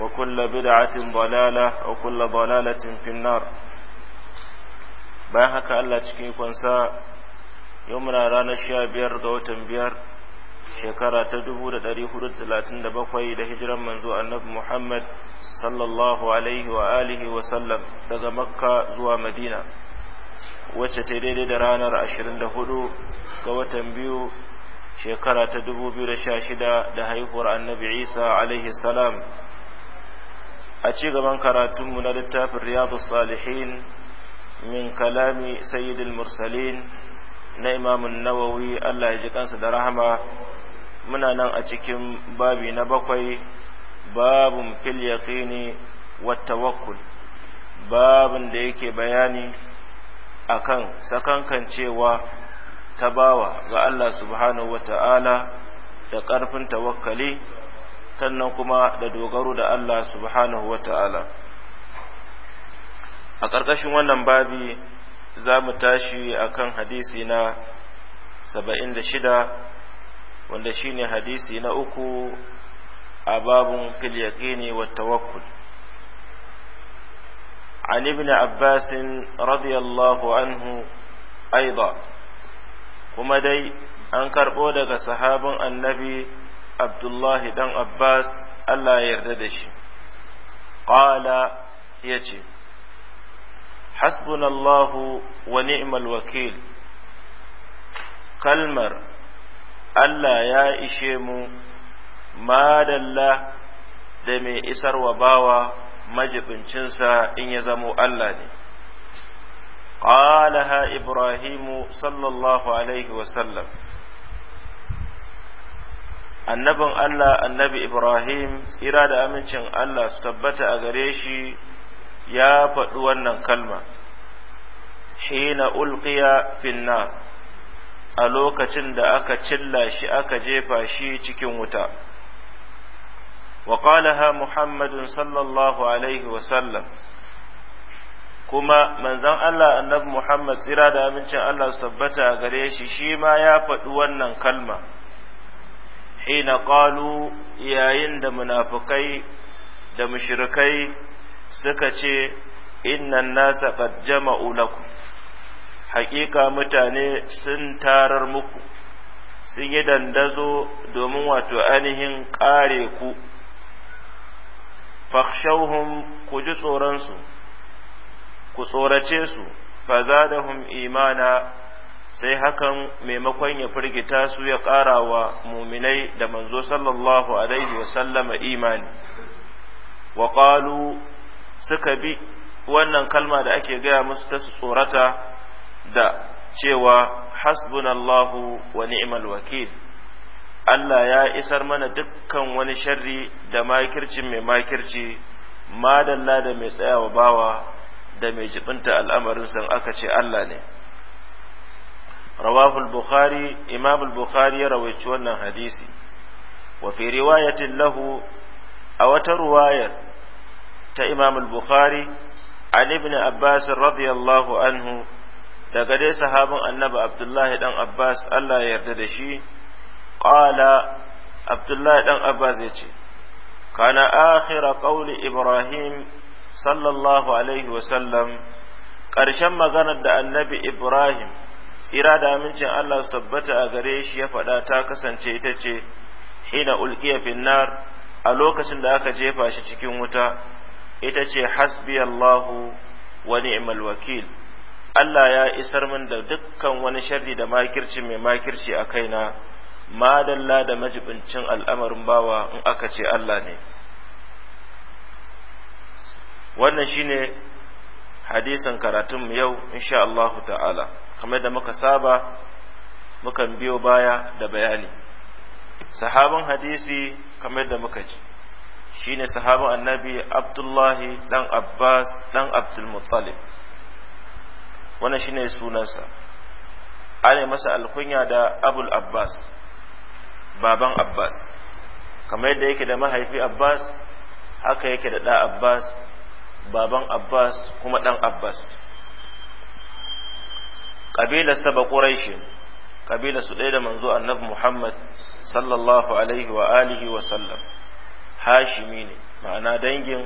وكل بدعة ضلالة وكل ضلالة في النار bayan haka Allah cikin ikonsa yau muna ranar sha biyar ga watan biyar shekara ta dubu da ɗari hudu da talatin da bakwai da hijiran manzo Muhammad sallallahu alaihi wa alihi wa sallam daga makka zuwa madina wacce ta daidai da ranar ashirin da hudu ga watan biyu shekara ta dubu biyu da sha shida da haihuwar annabi isa alaihi salam a ci gaban karatunmu na littafin riyadus salihin min kalami sayyidul mursalin na imamun nawawi Allah ya ji kansa da rahama muna nan a cikin babi na bakwai babun fil yaqini wat tawakkul babun da yake bayani akan sakankancewa ta bawa ga Allah subhanahu wata'ala da ƙarfin tawakkali sannan kuma da dogaro da Allah subhanahu wa ta'ala a ƙarƙashin wannan babi za mu tashi a kan hadisi na saba'in da shida wanda shi ne hadisi na uku a babin filyaƙini wa tawakkul عن ابن عباس رضي الله عنه أيضا kuma dai an karɓo daga sahabin annabi abdullahi dan abbas allah ya yarda da shi qala ya ce hasbunallahu wa ni'mal wakil kalmar allah ya ishe mu madalla da mai isarwa bawa majibincinsa in ya zamo allah ne قالها إبراهيم صلى الله عليه وسلم annabin Allah annabi Ibrahim tsira da amincin Allah su tabbata a gare shi ya faɗi wannan kalma hina ulqiya finna a lokacin da aka cilla shi aka jefa shi cikin wuta wa qalaha muhammadun sallallahu alaihi wa sallam kuma manzon Allah annabi Muhammad tsira da amincin Allah su tabbata a gare shi shi ma ya faɗi wannan kalma hina qalu yayin da munafikai da mushrikai suka ce innan nasa qad jama'u lakum haƙiƙa mutane sun tarar muku sun yi dandazo domin wato ainihin ƙare ku fakhshawhum ku ji tsoronsu ku tsorace su fazadahum imana sai hakan maimakon ya firgita su ya ƙara wa muminai da manzo sallallahu alaihi wasallama imani wa ƙalu suka bi wannan kalma da ake gaya musu ta su tsorata da cewa hasbunallahu wa ni'mal wakil Allah ya isar mana dukkan wani sharri da makirci mai makirci madalla da mai tsayawa bawa da mai jibinta al'amarin san aka ce Allah ne رواه البخاري إمام البخاري رويت ون حديثي وفي رواية له أو رواية إمام البخاري عن ابن عباس رضي الله عنه daga dai sahabin annabi abdullahi dan abbas allah ya yarda da shi qala abdullahi dan abbas ya ce kana akhira qawli ibrahim sallallahu alaihi wa sallam ƙarshen maganar da annabi ibrahim tsira da amincin Allah su tabbata a gare shi ya faɗa ta kasance ita ce hina Ulkiya finnar a lokacin da aka jefa shi cikin wuta ita ce hasbi Allahu wa ni'mal wakil Allah ya isar min da dukkan wani sharri da makirci mai makirci a kaina madalla da majibincin al'amarin bawa in aka ce Allah ne wannan shine hadisin karatunmu yau insha Allahu ta'ala kamar da muka saba mukan biyo baya da bayani sahabin hadisi kamar da muka ji shine sahabin annabi abdullahi dan abbas dan abdulmuttalib wannan shine sunansa ana masa alkunya da abul abbas baban abbas kamar yadda yake da mahaifi abbas haka yake da ɗa abbas baban abbas kuma dan abbas kabilar sa ba quraishi kabilar su ɗaya da manzo annabi Muhammad sallallahu alaihi wa alihi wa sallam hashimi ne ma'ana dangin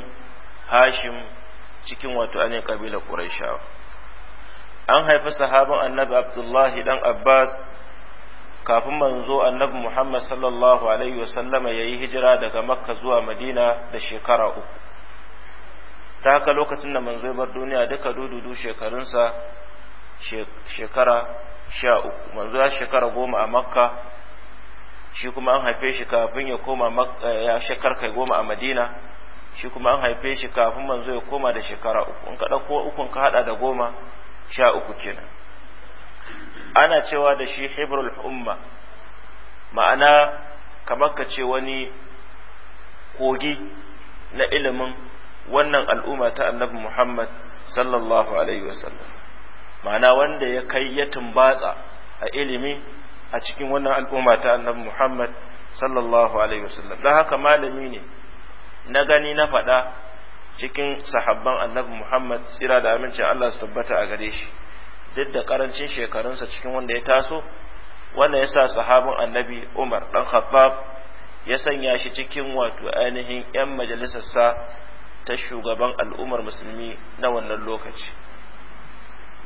hashim cikin wato ainihin kabilar quraishawa an haifi sahabin annabi Abdullahi dan Abbas kafin manzo annabi Muhammad sallallahu alaihi wa wasallama ya yi hijira daga makka zuwa madina da shekara uku ta haka lokacin da manzo bar duniya duka dududu shekarunsa shekara sha uku manzo ya shekara goma a makka shi kuma an haife shi kafin ya koma eh, ya shekar kai goma a madina shi kuma an haife shi kafin manzo ya koma da shekara uku in ka ɗauko ukun ka haɗa da goma sha uku kenan ana cewa da shi hibrul umma ma'ana kamar ka ce wani kogi na ilimin wannan al'umma ta annabi muhammad sallallahu alaihi wasallam ma'ana wanda ya kai ya tumbatsa a ilimi a cikin wannan al'umma ta annabi Muhammad sallallahu alaihi wasallam don haka malami ne na gani na faɗa cikin sahabban annabi Muhammad tsira da aminci Allah su tabbata a gare shi duk da karancin shekarunsa cikin wanda ya taso wanda ya sa sahabin annabi Umar dan Khattab ya sanya shi cikin wato ainihin 'yan majalisarsa ta shugaban al'ummar musulmi na wannan lokaci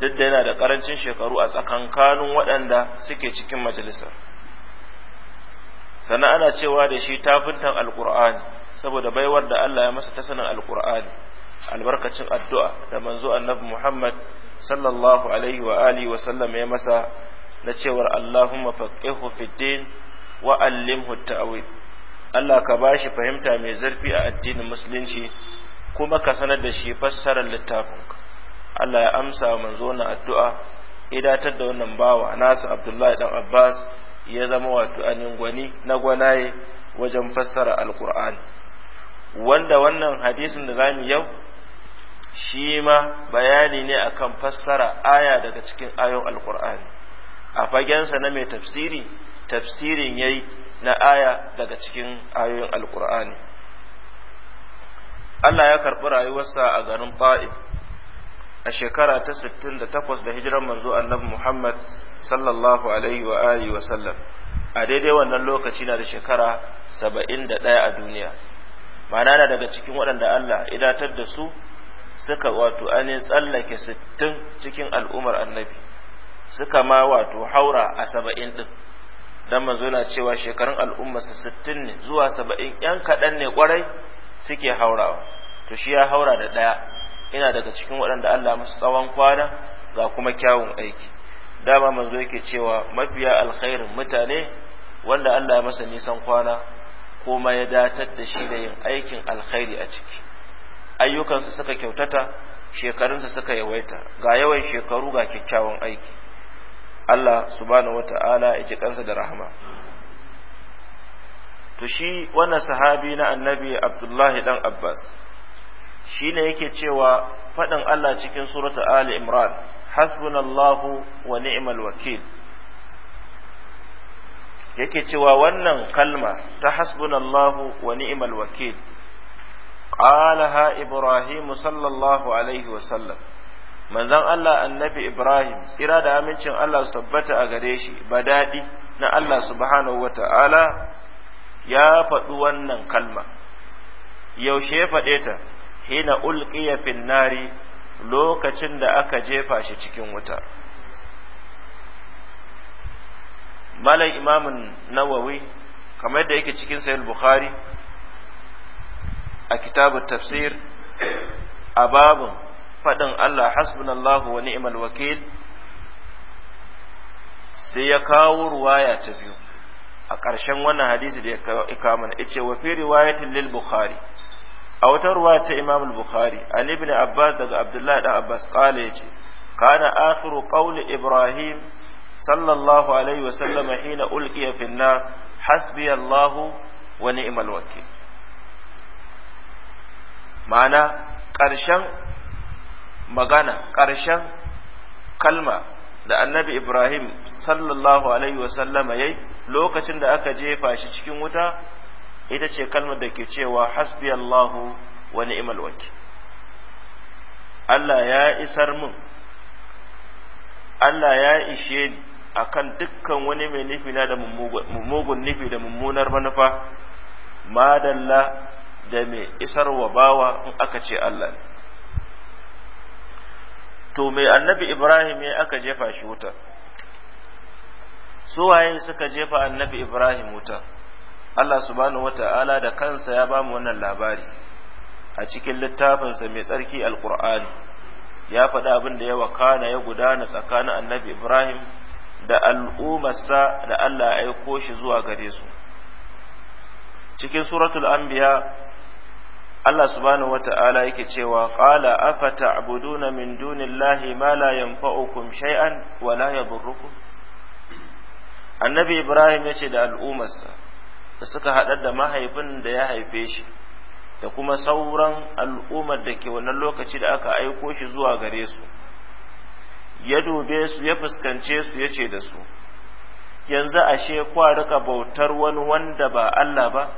duk da yana da karancin shekaru a tsakankanin waɗanda suke cikin majalisar sannan ana cewa da shi tafintan alkur'ani saboda baiwar da Allah ya masa ta sanin alkur'ani albarkacin addu'a da manzo annabi Muhammad sallallahu alaihi wa alihi wa sallam ya masa na cewar Allahumma faqihu fid din wa allimhu ta'wil Allah ka bashi fahimta mai zurfi a addinin musulunci kuma ka sanar da shi fassarar littafinka Allah ya amsa manzo na addu'a idatar da wannan bawa nasa Abdullahi dan Abbas ya zama wato anin gwani na gwanaye wajen fassara alqur'ani wanda wannan hadisin da zamu yau shi ma bayani ne akan fassara aya daga cikin al alqur'ani a fagensa na mai tafsiri tafsirin yayi na aya daga cikin ayoyin alqur'ani Allah ya karɓi rayuwarsa a garin Ta'if a shekara ta 68 da hijiran manzo annabi Muhammad sallallahu alaihi wa alihi wa sallam a daidai wannan lokaci na da shekara 71 a duniya ma'ana na daga cikin waɗanda Allah idatar da su suka wato yi tsallake 60 cikin al'umar annabi suka ma wato haura a 70 din dan manzo na cewa shekarun su 60 ne zuwa 70 yan kaɗan ne kwarai suke haurawa to shi ya haura da ɗaya ina daga cikin waɗanda Allah musu tsawon kwana ga kuma kyawun aiki dama manzo yake cewa mafiya alkhairin mutane wanda Allah ya masa nisan kwana kuma ya datar da shi da yin aikin alkhairi a ciki ayyukansa suka kyautata shekarunsa suka yawaita ga yawan shekaru ga kyakkyawan aiki Allah subhanahu wata'ala ya ji kansa da rahama to shi wannan sahabi na annabi Abdullahi dan Abbas shine yake cewa faɗin Allah cikin surata Ali Imran hasbunallahu wa ni'mal wakil yake cewa wannan kalma ta hasbunallahu wa ni'mal wakil qalaha ibrahim sallallahu alaihi wa sallam manzon Allah annabi Ibrahim tsira da amincin Allah su tabbata a gare shi ba daɗi na Allah subhanahu wata'ala ya faɗi wannan kalma yaushe ya faɗe hina ulqiya fin nari lokacin da aka jefa shi cikin wuta malam imamun nawawi kamar da yake cikin sahih bukhari a kitabut tafsir a babun faɗin Allah hasbunallahu wa ni'mal wakil sai ya kawo ruwaya ta biyu a ƙarshen wannan hadisi da ya kawo mana yace wa fi riwayatin lil bukhari a wata ruwa ta Imam al-Bukhari Ali ibn Abbas daga Abdullah da Abbas kale yace kana akhiru qawli Ibrahim sallallahu alaihi wa sallam hina ulqiya fi nar hasbi Allah wa ni'mal wakil ma'ana ƙarshen magana ƙarshen kalma da annabi Ibrahim sallallahu alaihi wa sallam yayi lokacin da aka jefa shi cikin wuta ita ce kalmar da ke cewa hasbi Allahu wa ni'mal wakil Allah ya isar mun Allah ya ishe akan dukkan wani mai nufi na da mummugun nufi da mummunar manufa madalla da mai isarwa bawa in aka ce Allah to mai annabi Ibrahim ya aka jefa shi wuta su waye suka jefa annabi Ibrahim wuta Allah subhanahu wata'ala da kansa ya bamu wannan labari a cikin littafinsa mai tsarki alkur'ani ya faɗa abin da ya wakana ya gudana tsakanin annabi ibrahim da al'ummarsa da Allah ya aiko shi zuwa gare su cikin suratul anbiya Allah subhanahu wata'ala yake cewa qala afata abuduna min dunillahi ma la yanfa'ukum shay'an wa la yadurrukum annabi ibrahim yace da al'ummarsa da suka haɗa da mahaifin da ya haife shi da kuma sauran al'ummar da ke wannan lokaci da aka aiko shi zuwa gare su ya dube su ya fuskance su ya ce da su yanzu ashe kwa rika bautar wani wanda ba Allah ba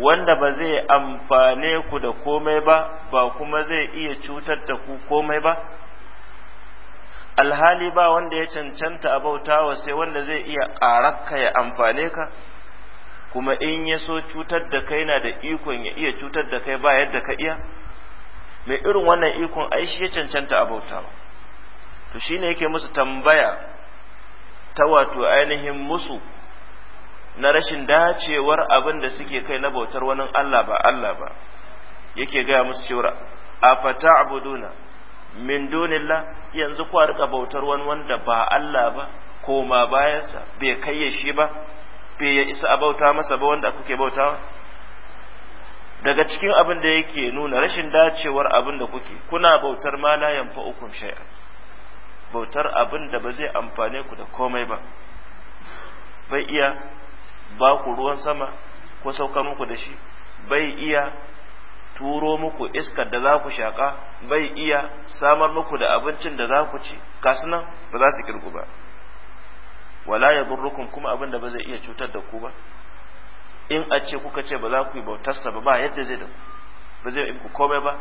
wanda ba zai amfane ku da komai ba ba kuma zai iya cutar da ku komai ba alhali ba wanda ya cancanta a bautawa sai wanda zai iya ƙararka ya amfane ka kuma in ya so cutar da kai na da ikon ya iya cutar da kai ba yadda ka iya mai irin wannan ikon ai shi ya cancanta a bautawa to shine yake musu tambaya ta wato ainihin musu na rashin dacewar abin da suke kai na bautar wani Allah ba Allah ba yake gaya musu cewa afata'buduna min dunillah yanzu ku rika bautar wani wanda ba Allah ba koma bayansa bai kai shi ba bai ya isa a bauta masa ba wanda kuke bautawa daga cikin abin da yake nuna rashin dacewar abin da kuke kuna bautar ma la yanfa ukum shay'a bautar abin da ba zai amfane ku da komai ba bai iya ba ku ruwan sama ko saukar muku da shi bai iya turo muku iskar da za ku shaƙa bai iya samar muku da abincin da za ku ci kasu nan ba za su kirku ba wala ya burrukun kuma abin da ba zai iya cutar da ku ba in a ce kuka ce ba za ku yi bautarsa ba ba yadda zai da ku ba zai yi komai ba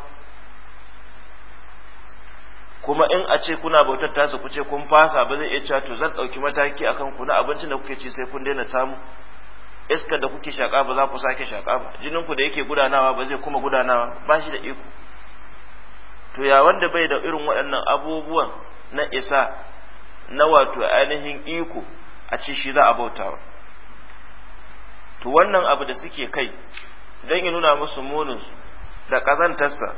kuma in a ce kuna bautar tasa ku ce kun fasa ba zai iya cewa to zan ɗauki mataki akan ku na abincin da kuke ci sai kun daina samu iskar da kuke shaƙa ba za ku sake shaƙa ba jinin ku da yake gudanawa ba zai kuma gudanawa ba shi da iko to ya wanda bai da irin waɗannan abubuwan na isa na wato ainihin iko a ce shi za a bautawa to wannan abu da suke kai don ya nuna musu muninsu da ƙazantarsa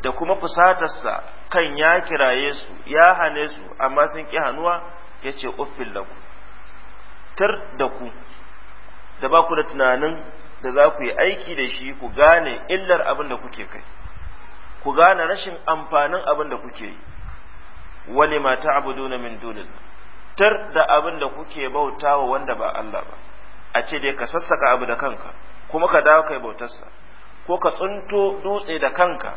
da kuma fusatarsa kan ya kiraye su ya hane su amma sun ƙi hannuwa ya ce uffin da ku tar da ku da ba ku da tunanin da za ku yi aiki da shi ku gane illar abin da kuke kai ku gane rashin amfanin abin da kuke yi wani ma ta'buduna min dunin tar da abin da kuke bautawa wanda ba Allah ba a ce dai ka sassaka abu da kanka kuma ka dawo kai bautarsa ko ka tsinto dutse da kanka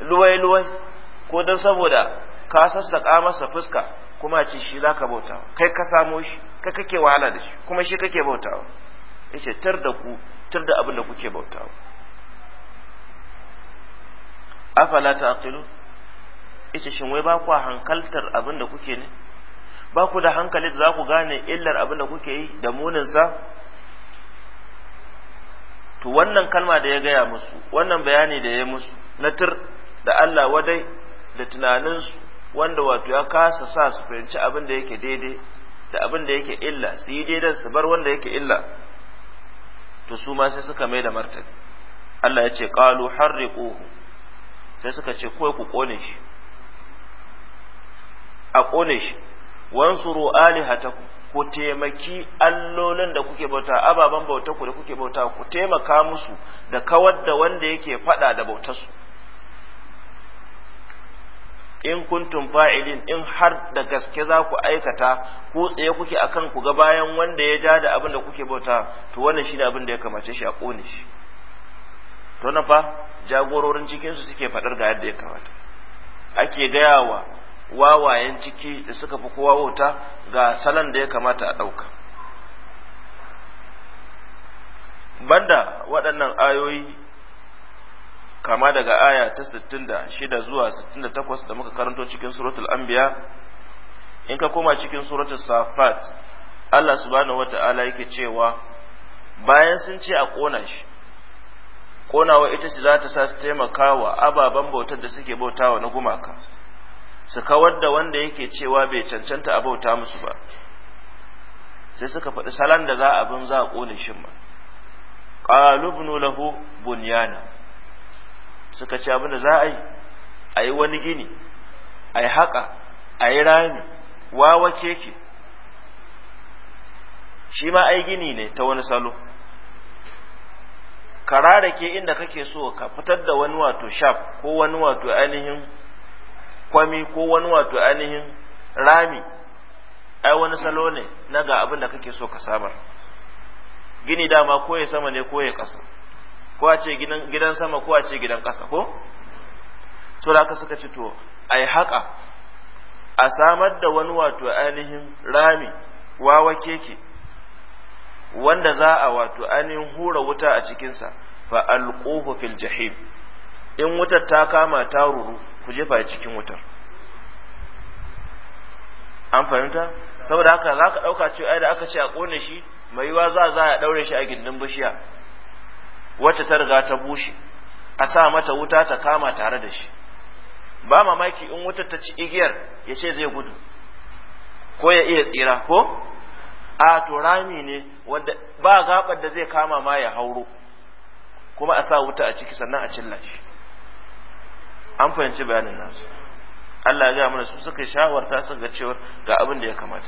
luwai-luwai ko don saboda ka sassaka masa fuska kuma ce shi za ka bautawa kai ka samo shi kai kake wahala da shi kuma shi kake bautawa yace tar da ku tar da abin da kuke bauta afala ta'qilu yace shin wai ba ku hankaltar abin da kuke ne ba ku da hankali za ku gane illar abin da kuke yi da munin sa to wannan kalma da ya gaya musu wannan bayani da ya musu na tir da Allah wadai da tunaninsu wanda wato ya kasa sa su fahimci abin da yake daidai da abin da yake illa su yi daidai su bar wanda yake illa to su ma sai suka mai da martani Allah ya ce qalu harriquhu sai suka ce ko ku kone shi a kone shi wansuru hata ku taimaki allolin da kuke bauta ababen bauta ku da kuke bauta ku taimaka musu da kawar da wanda yake faɗa da bautarsu su in kuntum fa'ilin in har da gaske za ku aikata ko tsaye kuke akan ku ga bayan wanda ya ja da abin da kuke bauta to wannan shine abin da ya kamace shi a kone shi to na fa jagororin cikinsu su suke fadar ga yadda ya kamata ake gayawa wawayen ciki da suka fi kowa wauta ga salon da ya kamata a dauka banda waɗannan ayoyi kama daga aya ta 66 zuwa 68 da muka karanto cikin suratul anbiya in ka koma cikin suratul safat Allah subhanahu wata'ala yake cewa bayan sun ce a kona shi konawa ita ce za ta sa su taimaka wa ababen bautar da suke bautawa na gumaka su kawar da wanda yake cewa bai cancanta a bauta musu ba sai suka faɗi salon da za bin za a ƙone shi ma ƙalubnu lahu bunyana suka ce abin za a yi a yi wani gini a yi haƙa a yi rami wawa keke shi ma ai gini ne ta wani salo ke inda kake so ka fitar da wani wato shaf ko wani wato ainihin kwami ko wani wato ainihin rami ai wani salo ne na ga abin da kake so ka samar gini dama ko ya sama ne ko ya ƙasa ko a ce gidan sama ko a ce gidan ƙasa ko to da suka ci to a yi haƙa a samar da wani wato ainihin rami wawa keke wanda za a wato ainihin hura wuta a cikinsa fa alquhu fil jahim in wutar ta kama ta ruru ku jefa cikin wutar an fahimta saboda haka za ka ɗauka cewa da aka ce a ƙone shi mai yiwa za a za a ɗaure shi a gindin bishiya wacce ta riga ta bushe a sa mata wuta ta kama tare da shi ba mamaki in wuta ta ci igiyar ya ce zai gudu ko ya iya tsira ko a to rami ne wanda ba gabar da zai kama ma ya hauro kuma a sa wuta a ciki sannan a cilla shi an fahimci bayanin nasu Allah ya gaya mana su suka shawarta su ga cewa ga abin da ya kamata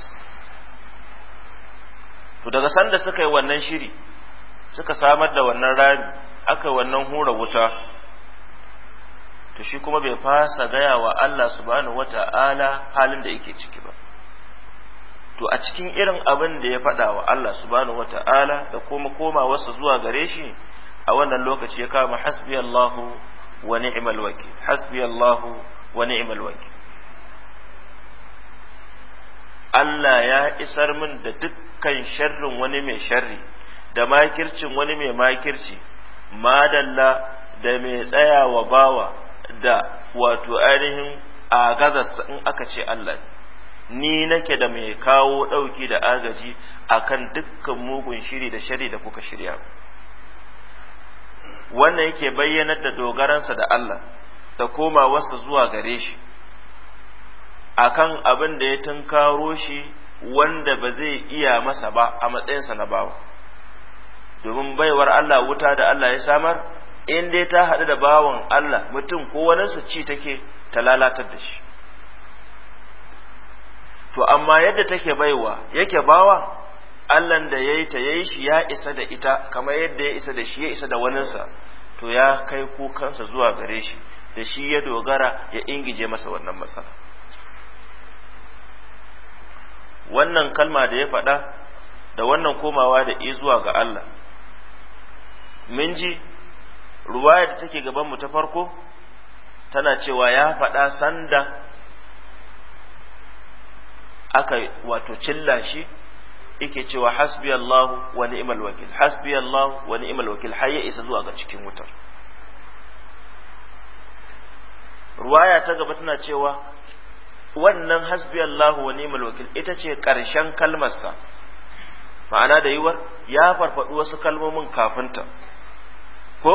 to daga sanda suka yi wannan shiri suka samar da wannan rami aka wannan hura wuta to shi kuma bai fasa gaya wa Allah subhanahu wata'ala halin da yake ciki ba to a cikin irin abin da ya faɗa wa Allah subhanahu wata'ala da kuma komawarsa zuwa gare shi a wannan lokaci ya kama hasbi Allahu wa ni'mal wakil hasbi Allahu wa ni'mal wakil Allah ya isar min da dukkan sharrin wani mai sharri da makircin wani mai makirci madalla da mai tsaya wa bawa da wato ainihin a gazarsa in aka ce Allah ni nake da mai kawo ɗauki da agaji akan dukkan mugun shiri da shari da kuka shirya wannan yake bayyanar da dogaransa da Allah da komawarsa zuwa gare shi akan abin da ya tunkaro shi wanda ba zai iya masa ba a matsayinsa na bawa domin baiwar Allah wuta da Allah ya samar in dai ta haɗu da bawan Allah mutum ko waninsa ci take ta lalatar da shi to amma yadda take baiwa yake bawa Allahn da ya yi ta ya shi ya isa da ita kamar yadda ya isa da shi ya isa da waninsa to ya kai kukansa zuwa gare shi da shi ya dogara ya ingije masa wannan matsala wannan kalma da ya faɗa da wannan komawa da izuwa ga Allah min ji ruwaya da take gaban mu ta farko tana cewa ya faɗa sanda aka wato cilla shi yake cewa hasbi Allah wa ni'mal wakil hasbi Allah wa ni'mal wakil har ya isa zuwa ga cikin wutar ruwaya ta gaba tana cewa wannan hasbi Allah wa ni'mal wakil ita ce ƙarshen kalmarsa ma'ana da yiwuwar ya farfaɗi wasu kalmomin kafinta ko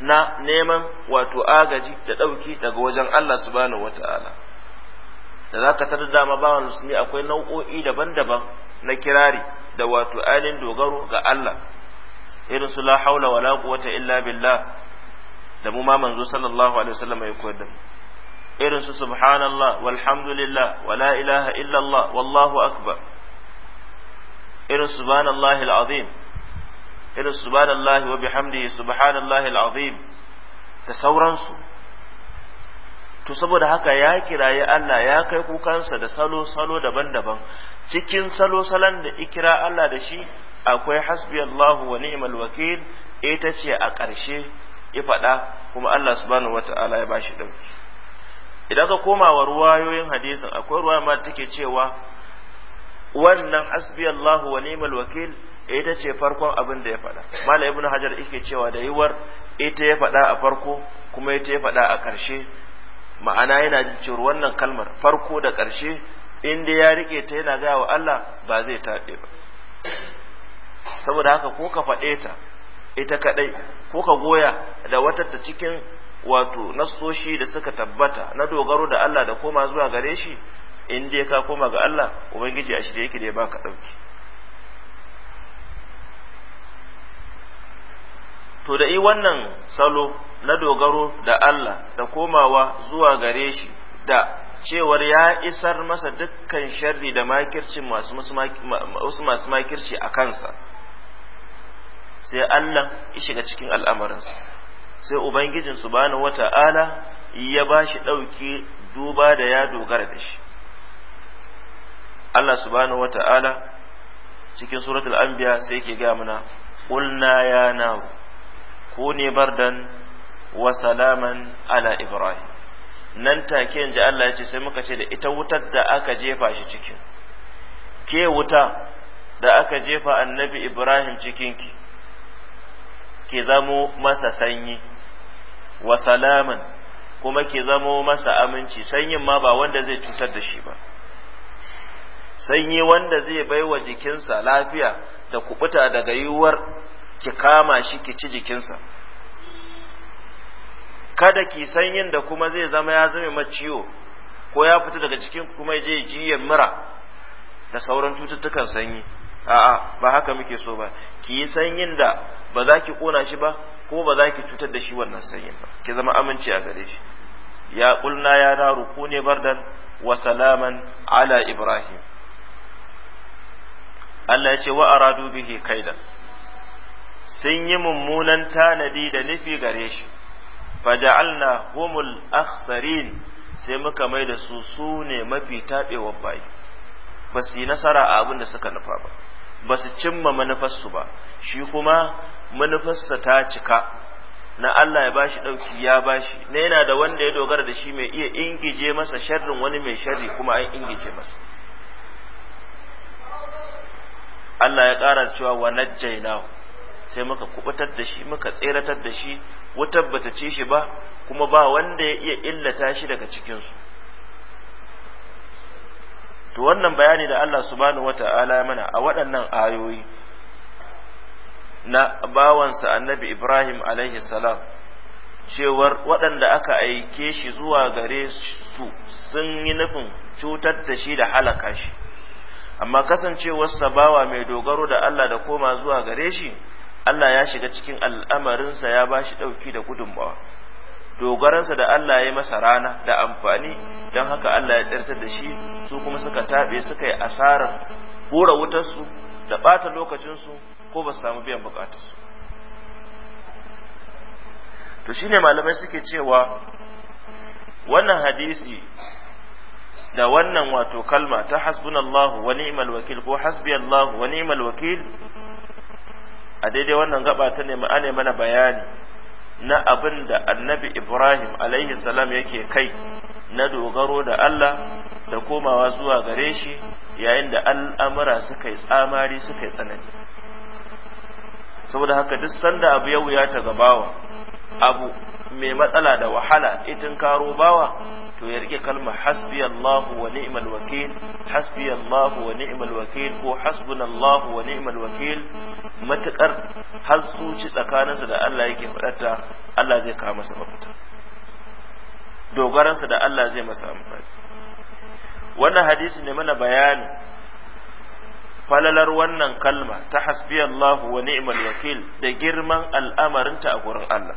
na neman wato agaji da ɗauki daga wajen Allah subhanahu wata'ala da za ka da dama bawan musulmi akwai nau'o'i daban-daban na kirari da wato ainihin dogaro ga Allah irin su la haula wala quwwata illa billah da mu ma manzo sallallahu alaihi wasallam ya koyar da mu irin su subhanallah walhamdulillah wa la ilaha illallah wallahu akbar irin subhanallahi alazim irin subhanallahi wa bihamdihi subhanallah alazim da sauransu to saboda haka ya kiraye Allah ya kai kukansa da salo-salo daban-daban cikin salo-salon da ikira Allah da shi akwai hasbi Allahu wa ni'mal wakil ita ce a ƙarshe ya faɗa kuma Allah subhanahu wa wata'ala ya bashi ɗauki idan ka koma wa ruwayoyin hadisin akwai ruwa ma take cewa wannan asbi Allahu wa ni'mal wakil eh, ita ce farkon abin da ya faɗa malam ibnu hajar yake cewa da yiwar ita ya faɗa a farko kuma ita ya faɗa a ƙarshe ma'ana yana jin cewa wannan kalmar farko da ƙarshe in dai ya rike ta yana gaya wa Allah ba zai taɓe ba saboda haka ko ka faɗe ta ita kaɗai ko ka goya da wata ta cikin wato nassoshi da suka tabbata na dogaro da Allah da koma zuwa gare shi in dai ka koma ga Allah ubangiji a shirye yake da ya baka dauki to da yi wannan salo na dogaro da Allah da komawa zuwa gare shi da cewar ya isar masa dukkan sharri da makircin masu masu makirci a kansa sai Allah ya shiga cikin al'amarinsa sai ubangijin subhanahu wata'ala ya bashi dauke duba da ya dogara da shi Allah subhanahu wata'ala cikin suratul anbiya sai yake ga muna qulna ya naru ne bardan wa salaman ala ibrahim nan take inji Allah ya ce sai muka ce da ita wutar da aka jefa shi cikin ke wuta da aka jefa annabi Ibrahim ki ke zamo masa sanyi wa salaman kuma ke zamo masa aminci sanyin ma ba wanda zai cutar da shi ba sanyi wanda zai bai wa jikinsa lafiya da kubuta daga yiwuwar ki kama shi ki ci jikinsa kada ki sanyin da kuma zai zama ya zame maciyo ko ya fita daga cikin kuma ya je jiyan mura da sauran cututtukan sanyi a'a ba haka muke so ba ki yi sanyin da ba za ki kona shi ba ko ba za ki cutar da shi wannan sanyin ba ki zama aminci a gare shi ya kulna ya naru ku ne bardan wa salaman ala ibrahim Allah ya ce wa aradu bihi kaida sun yi mummunan tanadi da nufi gare shi faja'alna humul akhsarin sai muka mai da su su ne mafi taɓewar bayi ba su yi nasara a abin da suka nufa ba ba su cimma manufarsu ba shi kuma manufarsa ta cika na Allah ya bashi ɗauki ya bashi na yana da wanda ya dogara da shi mai iya ingije masa sharrin wani mai sharri kuma an ingije masa Allah ya ƙara cewa wa najjaina sai muka kubutar da shi muka tseratar da shi wutar bata ci shi ba kuma ba wanda ya iya illata shi daga cikinsu to wannan bayani da Allah subhanahu wata'ala mana a waɗannan ayoyi na bawansa annabi Ibrahim alaihi salam cewar waɗanda aka aike shi zuwa gare su sun yi nufin cutar da shi da halaka shi amma kasancewarsa bawa mai dogaro da Allah da koma zuwa gare shi Allah ya shiga cikin al'amarinsa ya ba shi ɗauki da gudunmawa dogaransa da Allah ya masa rana da amfani don haka Allah ya tsirtar da shi su kuma suka taɓe suka yi asarar hura wutarsu da ɓata lokacinsu ko ba samu biyan bukatarsu to shine malamai suke cewa wannan hadisi da wannan wato kalma ta hasbunallahu wa ni'mal wakil ko hasbiyallahu wa ni'mal wakil a daidai wannan gaba ta nemi ana mana bayani na abin da annabi ibrahim alaihi salam yake kai na dogaro da allah da komawa zuwa gare shi yayin da al'amura suka yi tsamari suka yi tsanani saboda haka duk sanda abu ya wuya ta gabawa abu mai matsala da wahala itin karo bawa to ya rike kalmar hasbiyallahu wa ni'mal wakil hasbiyallahu wa ni'mal wakil ko hasbunallahu wa ni'mal wakil matukar har tsakaninsa da Allah yake fadarta Allah zai kawo masa mafita dogaransa da Allah zai masa amfani wannan hadisi ne mana bayani falalar wannan kalma ta hasbi Allah wa ni'mal wakil da girman al'amarinta a gurin Allah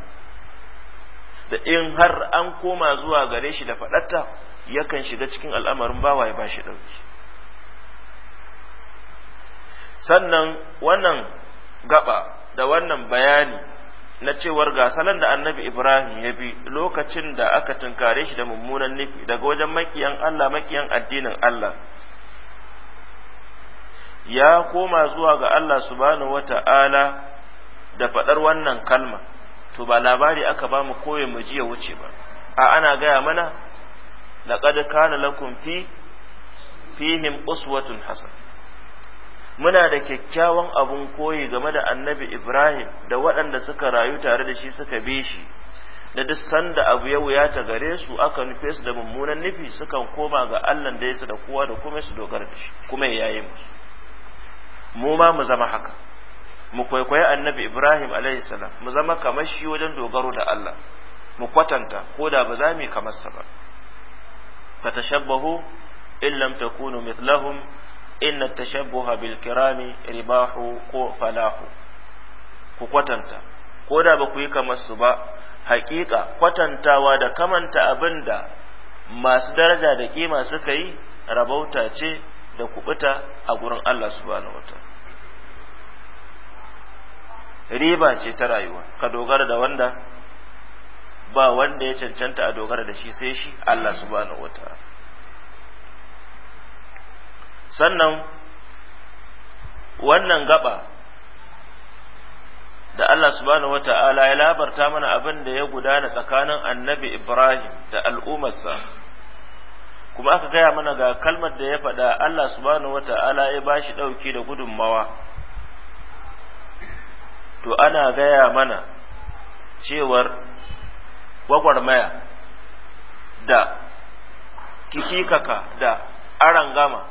da in har an koma zuwa gare shi da faɗatta yakan shiga cikin al'amarin bawa ya bashi ɗauki sannan wannan gaba da wannan bayani na cewar gasalan da annabi ibrahim ya bi lokacin da aka tunkare shi da mummunan nufi daga wajen makiyan allah makiyan addinin allah ya koma zuwa ga Allah subhanahu wata'ala da faɗar wannan kalma to ba labari aka ba mu koye mu ji ya wuce ba a ana gaya mana laqad kana lakum fi fihim uswatun hasan muna da kyakkyawan abun koyi game da annabi Ibrahim da waɗanda suka rayu tare da shi suka bi shi da duk sanda abu ya wuya ta gare su aka nufe su da mummunan nufi sukan koma ga Allah da ya su da kowa da kuma su dogara da shi kuma ya yi musu mu ma mu zama haka mu kwaikwayi annabi ibrahim alaihi salam mu zama kamar shi wajen dogaro da allah mu kwatanta ko da ba za mu yi kamar sa ba tashabbahu in lam takunu mithlahum inna tashabbuha bil kirami ribahu ko falahu ku kwatanta ko da ba ku yi kamar su ba haƙiƙa kwatantawa da kamanta abin da masu daraja da kima suka yi rabauta ce da kubuta a gurin Allah subhanahu wata. riba ce ta rayuwa ka dogara da wanda ba wanda ya cancanta a dogara da shi sai shi Allah subhanahu ta'ala sannan wannan gaba da Allah subhanahu ta'ala ya labarta mana abin da ya gudana tsakanin annabi Ibrahim da al'ummarsa kuma aka gaya mana ga kalmar da ya faɗa Allah subhanahu ta'ala ya bashi ɗauki da gudunmawa to ana gaya mana cewar gwagwarmaya da kikikaka da arangama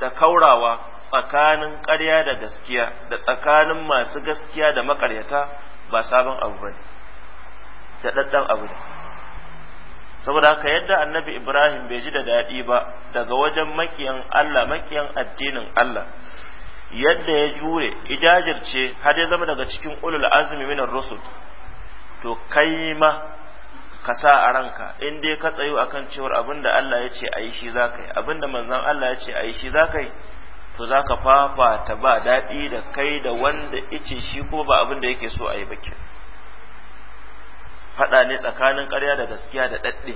da kaurawa tsakanin ƙarya da gaskiya da tsakanin masu gaskiya da makaryata ba sabon abu ba ne da ɗaɗɗan abu ne saboda haka yadda annabi ibrahim bai ji da daɗi ba daga wajen makiyan allah makiyan addinin allah yadda ya jure ijajirce har ya zama daga cikin ulul azumi ar rusul to kai ma ka sa a ranka in dai ka tsayo akan cewar abinda Allah ya ce ayi shi zakai abinda manzon Allah ya ce ayi shi zakai to zaka fafata ba daɗi da kai da wanda yace shi ko ba abinda yake so ayi ke. faɗa ne tsakanin ƙarya da gaskiya da ɗaɗɗe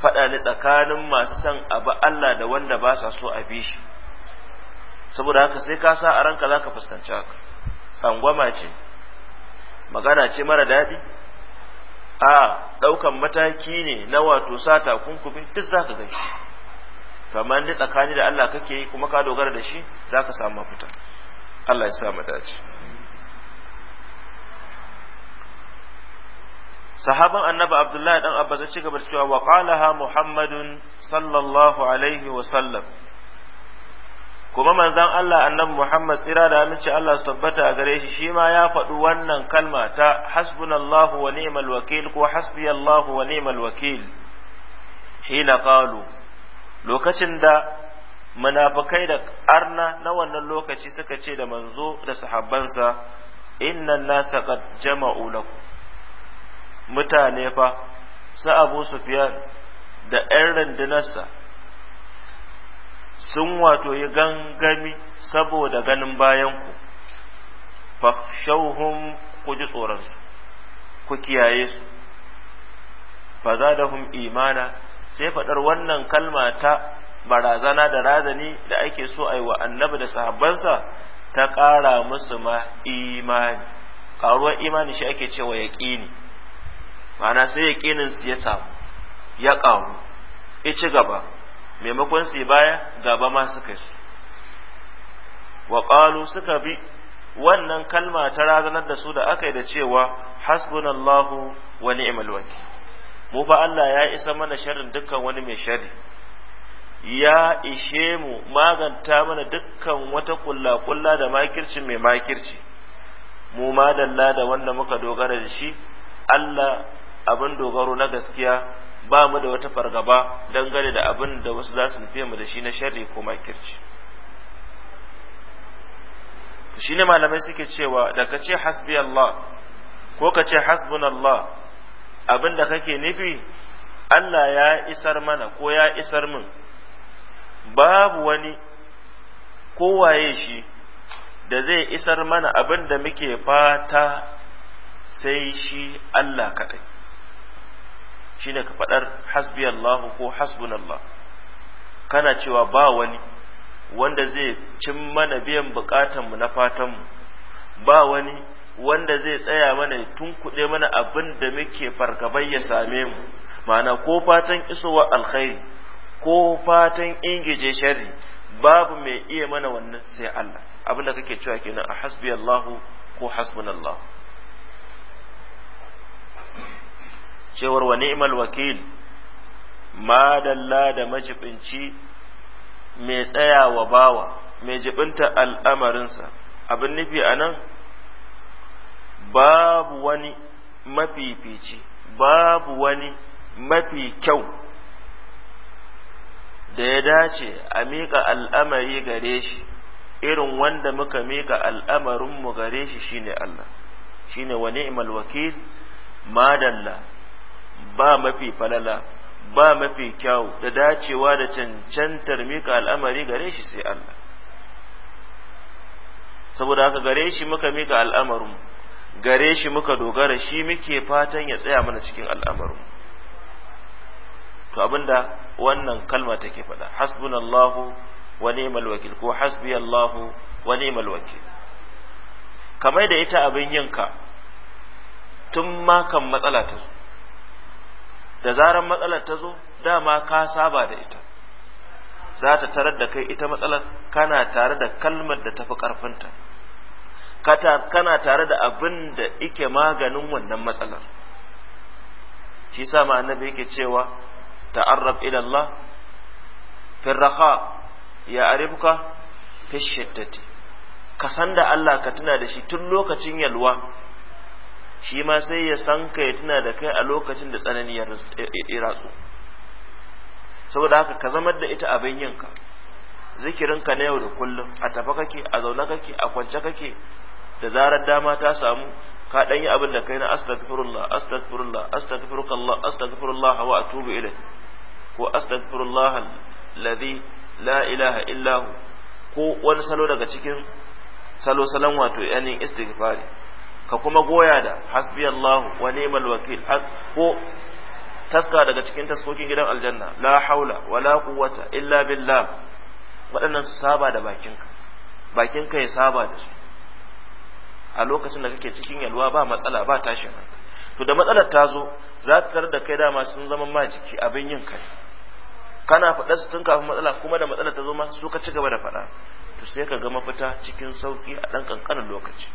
faɗa ne tsakanin masu son abu Allah da wanda ba sa so a bi shi saboda haka sai ka sa a ranka za ka fuskanci haka tsangwama ce magana ce mara daɗi a ɗaukan mataki ne na wato sa takunkumi duk za ka gaishe kamar inda tsakani da Allah kake yi kuma ka dogara da shi za ka samu mafita Allah ya sa mu dace sahaban annabi abdullahi dan abbas ya ci gaba cewa wa qalaha muhammadun sallallahu alaihi wa sallam kuma manzon Allah annabi Muhammad tsira da aminci Allah su tabbata a gare shi shi ma ya faɗi wannan kalma ta hasbunallahu wa ni'mal wakil ko hasbiyallahu wa ni'mal wakil hina qalu lokacin da munafikai da arna na wannan lokaci suka ce da manzo da sahabbansa innan nasa qad jama'u lakum mutane fa sa Abu Sufyan da ƴan rundunarsa sun wato yi gangami saboda ganin bayanku fashauhum ku ji tsoronsu ku kiyaye su fa zadahum imana sai faɗar wannan kalma ta barazana da razani da ake so a yi wa annabi da sahabbansa ta ƙara musu ma imani ƙaruwar imani shi ake cewa ya ƙini ma'ana sai ya ƙinin su ya samu ya ƙaru ya ci gaba maimakon su baya gaba ma suka shi wa suka bi wannan kalma ta razanar da su da aka yi da cewa hasbunallahu wa ni'mal wakil mu fa Allah ya isa mana sharrin dukkan wani mai sharri ya ishe mu maganta mana dukkan wata kulla kulla da makirci mai makirci mu ma dalla da wanda muka dogara da shi Allah abin dogaro na gaskiya ba mu da wata fargaba dangane da abin da wasu za su nufe mu da shi na sharri ko makirci shi ne malamai suke cewa da ka ce hasbi Allah ko ka ce Allah, abin da kake nufi Allah ya isar mana ko ya isar min babu wani kowaye shi da zai isar mana abin da muke fata sai shi Allah kaɗai shine ka faɗar hasbi Allah ko hasbunallah kana cewa ba wani wanda zai cin mana biyan mu na fatan mu ba wani wanda zai tsaya mana ya kuɗe mana abin da muke fargabai ya same mu ma'ana ko fatan isowa alkhairi ko fatan ingije shari babu mai iya mana wannan sai Allah abin kake cewa kenan a hasbi Allahu ko hasbunallahu cewar wa ni'mal wakil ma dalla da majibinci mai tsaya wa bawa mai jibinta al'amarinsa abin nufi a nan babu wani mafifici babu wani mafi kyau da ya dace a miƙa al'amari gare shi irin wanda muka miƙa al'amarinmu gare shi shine Allah shine wa ni'mal wakil madalla ba mafi falala ba mafi kyau da dacewa da cancantar mika al'amari gare shi sai Allah saboda haka gare shi muka mika al'amarin gare shi muka dogara shi muke fatan ya tsaya mana cikin al'amarin to abinda wannan kalma take faɗa hasbunallahu wa ni'mal wakil ko hasbiyallahu wa ni'mal wakil kamar da ita abin yinka tun ma kan matsala ta zo da zaran matsalar ta zo dama ka saba da ita za ta tarar da kai ita matsalar kana tare da kalmar da tafi karfinta kana tare da abin da ike maganin wannan matsalar shi sa ma annabi yake cewa ta'arrab ila Allah fi raha ya arifka fi shiddati ka san da Allah ka tuna da shi tun lokacin yalwa shi ma sai ya san ka ya tuna da kai a lokacin da tsanani ya ratsu saboda haka ka zamar da ita abin yinka zikirinka na yau da kullum a tafa kake a zaune kake a kwance kake da zarar dama ta samu ka dan yi abin da kai na astaghfirullah astaghfirullah astaghfirullah astaghfirullah wa atubu ilayhi ko astaghfirullah alladhi la ilaha illa hu ko wani salo daga cikin salo salon wato yanin istighfari ka kuma goya da hasbi Allah wa ni'mal wakil ko taska daga cikin taskokin gidan aljanna la haula wala quwwata illa billah waɗannan su saba da bakinka bakinka ya saba da su a lokacin da kake cikin yalwa ba matsala ba tashin to da matsalar ta zo za ta tarar da kai dama sun zama ma jiki abin yin kai kana faɗa su tun kafin matsala kuma da matsalar ta zo ma su ka ci gaba da faɗa to sai ka ga mafita cikin sauki a ɗan ƙanƙanin lokaci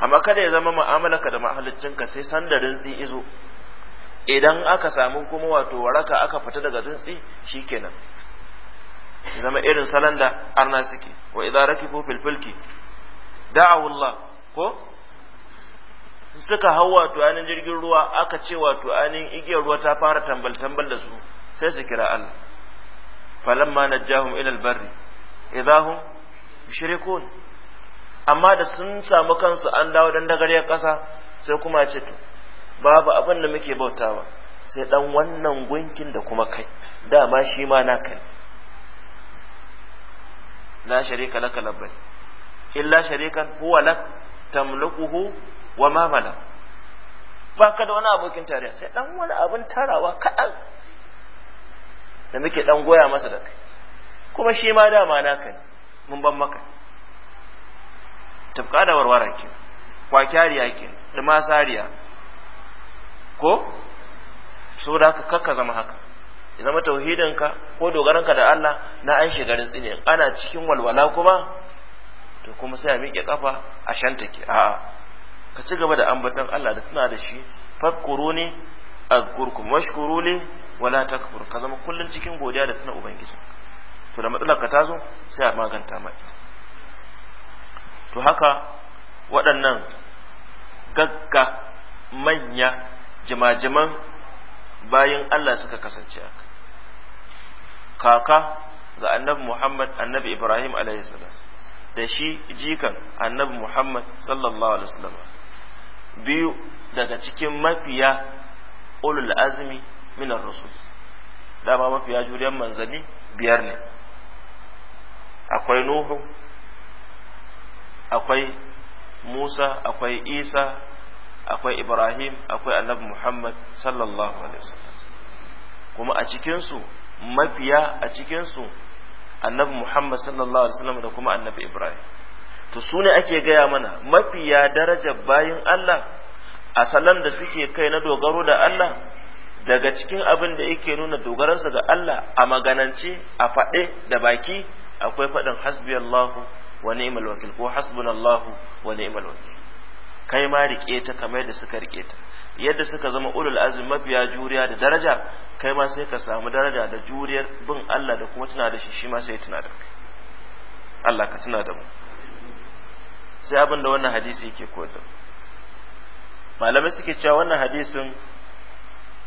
amma kada ya zama mu'amalarka da mahaliccinka sai sanda rintsi izo idan aka samu kuma wato waraka aka fita daga tsi shikenan zama irin salon da arna suke wa idza rakibu fil fulki Allah ko suka hau wato anin jirgin ruwa aka ce wato anin igiyar ruwa ta fara tambal tambal da su sai su kira Allah falamma najjahum ila al-barri idahum yushrikun amma da sun samu kansu an dawo dan dagare ƙasa sai kuma ce to babu abin da muke bautawa sai dan wannan gunkin da kuma kai dama shi ma na kai la sharika laka labbay illa sharikan huwa lak tamlukuhu wa ma Ba baka da wani abokin tarayya sai dan wani abin tarawa kaɗan da muke dan goya masa da kai kuma shi ma dama na kai mun ban maka tafka da warwara ke kwakyariya ke dumasariya ko so da ka kakka zama haka ya zama tauhidinka ko dogaranka da Allah na an shigarin tsine ana cikin walwala kuma to kuma sai a miƙe kafa a shanta ke a'a ka ci gaba da ambatan Allah da suna da shi fakuru ne azkurkum washkuru ne wala takfur ka zama kullum cikin godiya da tuna ubangiji to da matsalar ka tazo sai a maganta mata to haka waɗannan gagga manya jimajiman bayan Allah suka kasance haka kaka ga annabi Muhammad annabi Ibrahim salam da shi jikan annabi Muhammad sallallahu alaihi wasallam biyu daga cikin mafiya ulul azmi ar rusul dama mafiya juriyan manzali biyar ne akwai Nuhu akwai Musa akwai Isa akwai Ibrahim akwai Annabi Muhammad sallallahu alaihi wasallam kuma a cikin su mafiya a cikin su Annabi Muhammad sallallahu alaihi wasallam da kuma Annabi Ibrahim to sune ne ake gaya mana mafiya daraja bayin Allah a salon da suke kai na dogaro da Allah daga cikin abin da yake nuna dogaransa ga Allah a maganance a faɗe da baki akwai faɗin hasbiyallahu wa ni'mal wakil ko hasbunallahu wa ni'mal wakil kai ma rike ta kamar da suka rike ta yadda suka zama ulul azmi mafiya juriya da daraja kai ma sai ka samu daraja da juriyar bin Allah da kuma tuna da shi shi ma sai tuna da kai Allah ka tuna da mu sai abin da wannan hadisi yake koyar malamai suke cewa wannan hadisin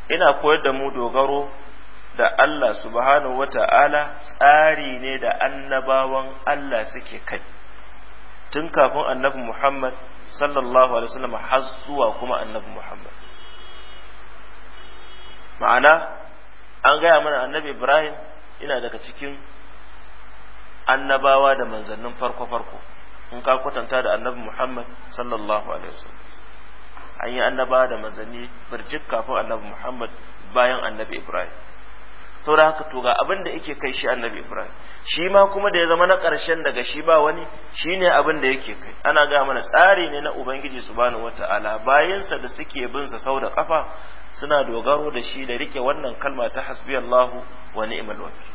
ina koyar da mu dogaro da Allah subhanahu ta'ala tsari ne da annabawan Allah suke kai tun kafin annabi Muhammad sallallahu alaihi wasallam har zuwa kuma annabi Muhammad ma'ana an gaya mana annabi Ibrahim ina daga cikin annabawa da manzannin farko-farko in ka kwatanta da annabi Muhammad sallallahu alaihi wasallam an yi annabawa da manzanni birjik kafin annabi Muhammad bayan annabi Ibrahim saboda haka to ga abin da yake kai shi annabi ibrahim shi ma kuma da ya zama na ƙarshen daga shi ba wani shi ne abin da yake kai ana ga mana tsari ne na ubangiji subhanahu wataala bayansa da suke bin sa sau da kafa suna dogaro da shi da rike wannan kalma ta hasbiyallahu wa ni'mal wakil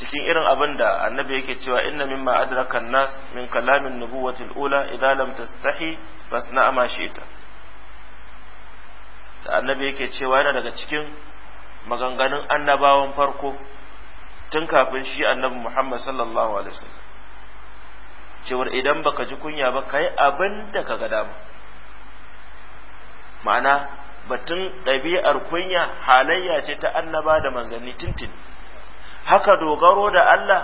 cikin irin abin da annabi yake cewa inna mimma adraka nas min kalamin nubuwwatil ula idza lam tastahi fasna'a ma shi'ta da annabi yake cewa yana daga cikin maganganun annabawan farko tun kafin shi annabi Muhammad sallallahu alaihi wasallam cewar idan baka ji kunya ba kai abin da ga dama ma'ana batun ɗabi'ar kunya halayya ce ta annaba da manzanni tintin haka dogaro da Allah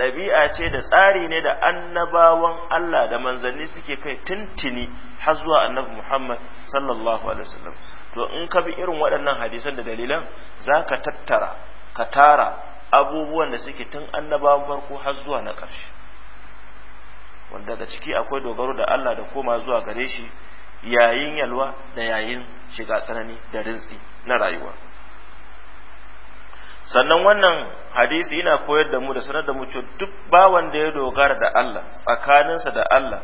ɗabi'a ce da tsari ne da annabawan Allah da manzanni suke kai tintini har zuwa annabi Muhammad sallallahu alaihi wasallam to in ka bi irin waɗannan hadisan da dalilan za ka tattara ka tara abubuwan da suke tun annabawan farko har zuwa na ƙarshe wanda daga ciki akwai dogaro da Allah da koma zuwa gare shi yayin yalwa da yayin shiga tsanani da rintsi na rayuwa sannan wannan hadisi yana koyar da mu da sanar da mu cewa duk bawan da ya dogara da Allah tsakaninsa da Allah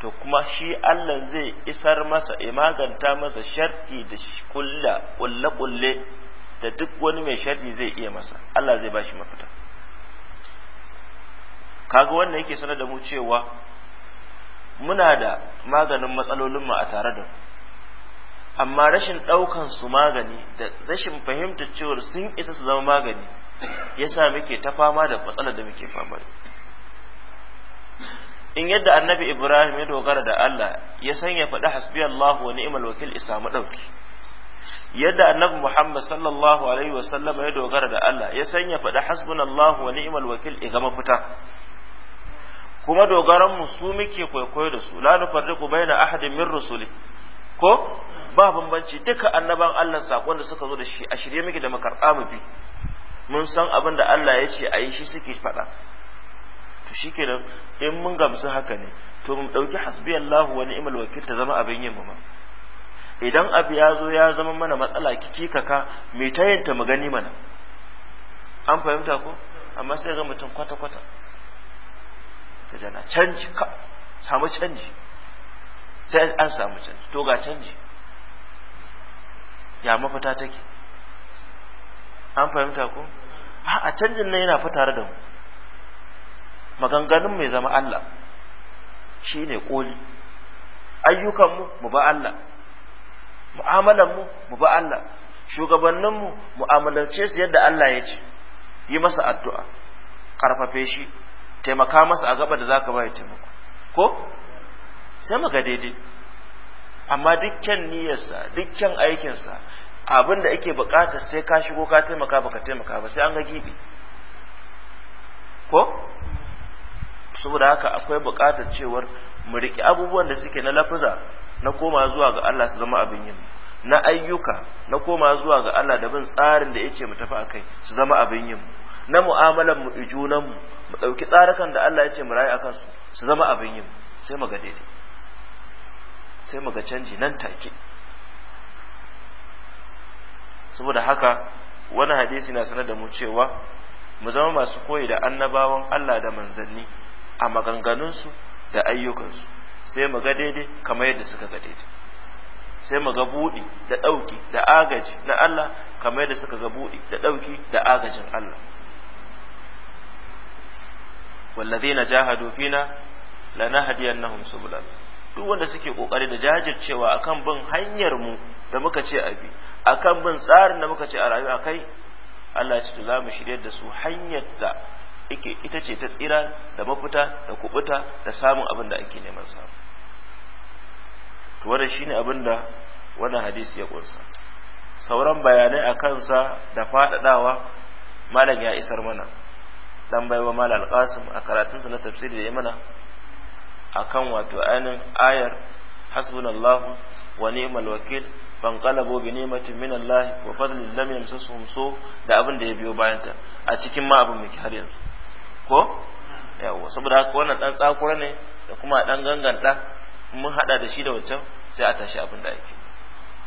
to kuma shi Allah zai isar masa ya maganta masa sharki da kulla kulle kulle da duk wani mai sharti zai iya masa Allah zai bashi mafita kaga wannan yake sanar da mu cewa muna da maganin matsalolin mu a tare da mu amma rashin ɗaukan su magani da rashin fahimtar cewa sun isa su zama magani yasa muke ta fama da matsalar da muke fama da in yadda annabi ibrahim ya dogara da Allah ya sanya faɗi hasbi Allah wa ni'mal wakil isamu ɗauki yadda annabi muhammad sallallahu alaihi wa sallama ya dogara da Allah ya sanya faɗi hasbun Allah wa ni'mal wakil iga mafita kuma dogaran mu su muke kwaikwayo da su la nufarriqu baina ahadin min rusuli ko ba bambanci duka annaban Allah sakon da suka zo da shi a shirye muke da makarɓa mu bi mun san abin da Allah ya ce a yi shi suke faɗa to shikenan in mun gamsu haka ne to mu dauki hasbiyallahu wa ni'mal wakil ta zama abin yin ma idan abu ya zo ya zama mana matsala kiki kaka me ta yanta mu gani mana an fahimta ko amma sai ga mutum kwata kwata ta jana canji ka samu canji sai an samu canji to ga canji ya mafita take an fahimta ko a canjin nan yana fitare da mu maganganun mai zama Allah shi ne ƙoli ayyukanmu mu ba Allah mu'amalanmu mu ba Allah shugabanninmu mu'amalance su yadda Allah ya ce yi masa addu'a ƙarfafe shi taimaka masa a gaba da za ka bayi taimako ko sai maga daidai amma dukkan niyarsa dukkan aikinsa abin da ake bukatar sai ka shigo ka taimaka baka taimaka ba sai an ga gibi ko saboda haka akwai buƙatar cewar mu riƙe abubuwan da suke na lafaza na koma zuwa ga Allah su zama abin yin na ayyuka na koma zuwa ga Allah da bin tsarin da yake mu tafi akai su zama abin yin na mu'amalan mu ijunan mu mu dauki tsarukan da Allah yace mu rayu akan su su zama abin yin sai mu ga daidai sai mu ga canji nan take saboda haka wani hadisi na sanar da mu cewa mu zama masu koyi da annabawan Allah da manzanni a maganganunsu da ayyukansu sai mu ga daidai kamar yadda suka ga daidai sai mu ga buɗi da ɗauki da agaji na Allah kamar yadda suka ga buɗi da ɗauki da agajin Allah wallazina jahadu fina lanahdiyannahum subulan duk wanda suke kokari da jajircewa akan bin hanyar mu da muka ce a bi, akan bin tsarin da muka ce a rayuwa kai Allah ya ce za mu shiryar da su hanyar da ike ita ce ta tsira da mafuta da kubuta da samun abin da ake neman samu to wannan shine abin da wannan hadisi ya kunsa sauran bayanai a kansa da faɗaɗawa malam ya isar mana dan baiwa malam alqasim a karatunsa na tafsiri da ya mana akan wato ainin ayar hasbunallahu wa ni'mal wakil qalabu bi ni'matin min wa fadlin lam yamsasuhum su da abin da ya biyo bayanta a cikin ma abin muke har yanzu ko yawa saboda haka wannan dan tsakura ne da kuma dan ganganta mun hada da shi da wancan sai a tashi abin da ake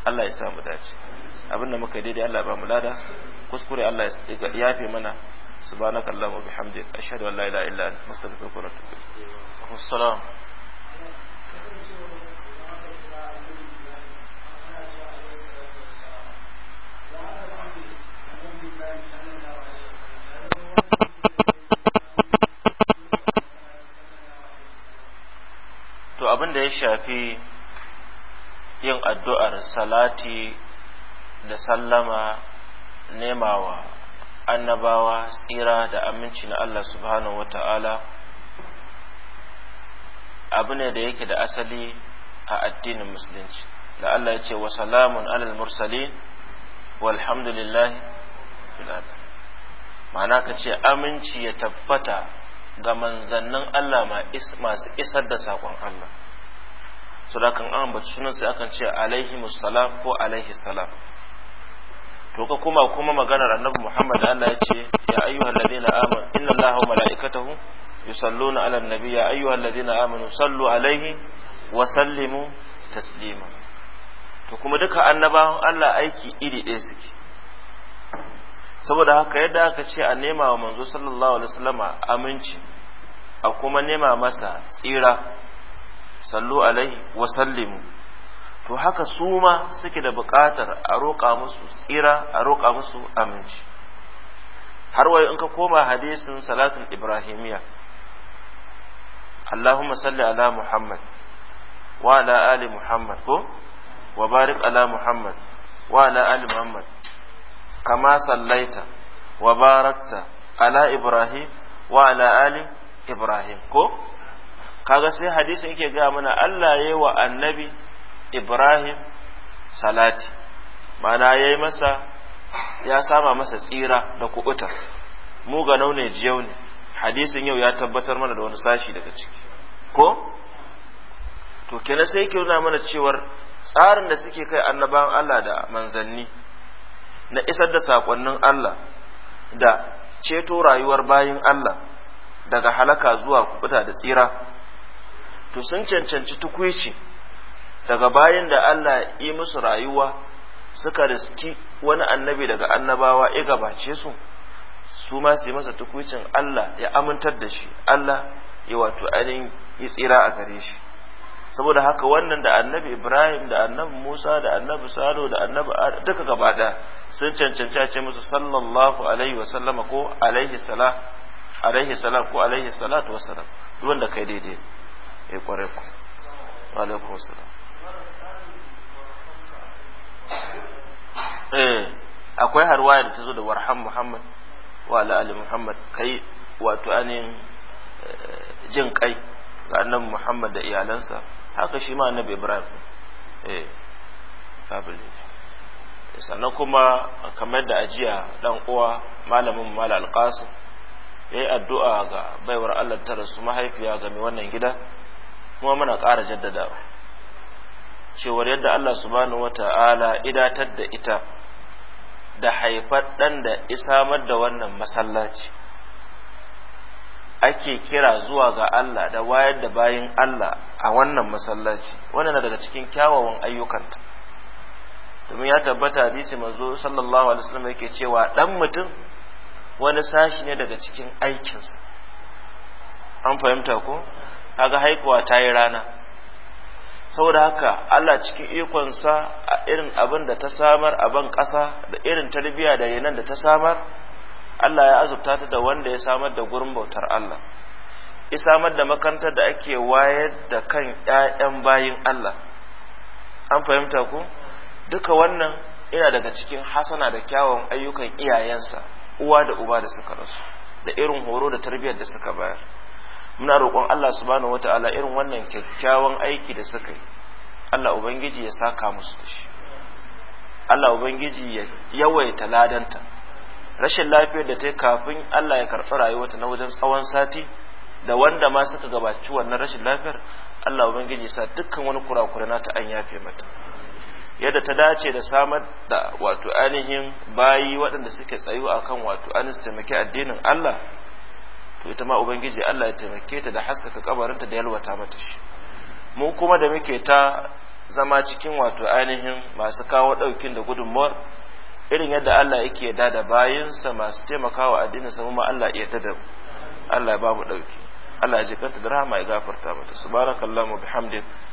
Allah ya samu dace abin da muka daidai Allah ba mu lada kuskure Allah ya yafe mana سبحانك اللهم وبحمدك أشهد أن لا إله إلا أنت نستغفرك ونتوب إليك السلام Thank you. wanda ya shafi yin addu'ar salati da sallama nemawa annabawa tsira da aminci na Allah subhanahu wa ta'ala abu ne da yake da asali a addinin musulunci da Allah ya ce wa salamun alal mursalin walhamdulillahi ma'ana ka ce aminci ya tabbata ga manzannin Allah masu isar da sakon Allah kan an ambaci sunan sai akan ce alaihi musallam ko alaihi salam to ka kuma kuma maganar annabi Muhammad Allah ya ce ya ayyuhal ladina amanu inna Allaha wa malaikatahu yusalluna ala nabi ya ayyuhal ladina amanu sallu alaihi wa sallimu taslima to kuma duka annabawan Allah aiki iri ɗaya suke saboda haka yadda aka ce a nema wa manzo sallallahu alaihi wasallama aminci a kuma nema masa tsira sallu alaihi wa sallimu to haka su ma suke da buƙatar a roƙa musu tsira a roƙa musu aminci har wayo in ka koma hadisin salatul ibrahimiya Allahumma salli ala Muhammad wa ala ali Muhammad ko wa barik ala Muhammad wa ala ali Muhammad kama sallaita wa barakta ala Ibrahim wa ala ali Ibrahim ko kaga sai hadisin yake ga mana Allah yayi wa annabi Ibrahim salati mana yayi masa ya sama masa tsira da kubuta mu ga naune jiyau ne hadisin yau ya tabbatar mana da wani sashi daga ciki ko to kenan sai yake nuna mana cewar tsarin da suke kai annabawan Allah da manzanni na isar da sakonnin Allah da ceto rayuwar bayin Allah daga halaka zuwa kubuta da tsira to sun cancanci tukwici daga bayan da Allah yi musu rayuwa suka riski wani annabi daga annabawa ya gabace su su ma su yi masa tukwicin Allah ya amintar da shi Allah ya wato ainihin yi tsira a gare shi saboda haka wannan da annabi Ibrahim da annabi Musa da annabi Salo da annabi duka gaba ɗaya sun cancanci a ce musu sallallahu alaihi wa sallama ko alaihi salam alaihi salam ko alaihi salatu wassalam wanda kai daidai ya eh, kware ku alaikum salam eh akwai harwaya da ta zo da warham muhammad wa ala ali muhammad kai wato anin eh, jin kai ga annabi muhammad da iyalansa haka shi ma annabi ibrahim eh sannan kuma kamar da ajiya dan uwa malamin mala alqasim yayi addu'a ga baiwar Allah ta rasu mahaifiya game wannan gida kuma muna ƙara jaddada cewar yadda Allah subhanahu wata'ala idatar da ita da haifar ɗan da isamar da wannan masallaci ake kira zuwa ga Allah da wayar da bayin Allah a wannan masallaci wannan daga cikin kyawawan ayyukanta domin ya tabbata hadisi manzo sallallahu alaihi wasallam yake cewa dan mutum wani sashi ne daga cikin aikinsa an fahimta ko kaga haikuwa ta yi rana saboda haka Allah cikin ikonsa a irin abin da ta samar a ban ƙasa da irin tarbiyya da yanan da ta samar Allah ya azurta ta da wanda ya samar da gurin bautar Allah ya samar da makarantar da ake wayar da kan ƴaƴan bayin Allah an fahimta ku duka wannan ina daga cikin hasana da kyawun ayyukan iyayensa uwa da uba da suka rasu da irin horo da tarbiyyar da suka bayar muna roƙon Allah subhanahu wataala irin wannan kyakkyawan aiki da suka yi Allah ubangiji ya saka musu da shi Allah ubangiji ya yawaita ladanta rashin lafiyar da ta yi kafin Allah ya karɓi rayuwarta na wajen tsawon sati da wanda ma suka gabaci wannan rashin lafiyar Allah ubangiji ya sa dukkan wani kurakura na ta an yafe mata yadda ta dace da samar da wato ainihin bayi waɗanda suke tsayuwa akan wato ainihin taimaki addinin Allah to ita ma ubangiji Allah ya taimake ta da haskaka kabarinta da yalwata mata shi mu kuma da muke ta zama cikin wato ainihin masu kawo daukin da gudunmuwar irin yadda Allah yake yarda da bayinsa masu taimakawa addinin sa kuma Allah ya tada Allah ya ba mu dauki Allah ya jikanta da rahama ya gafarta mata subhanakallahu bihamdika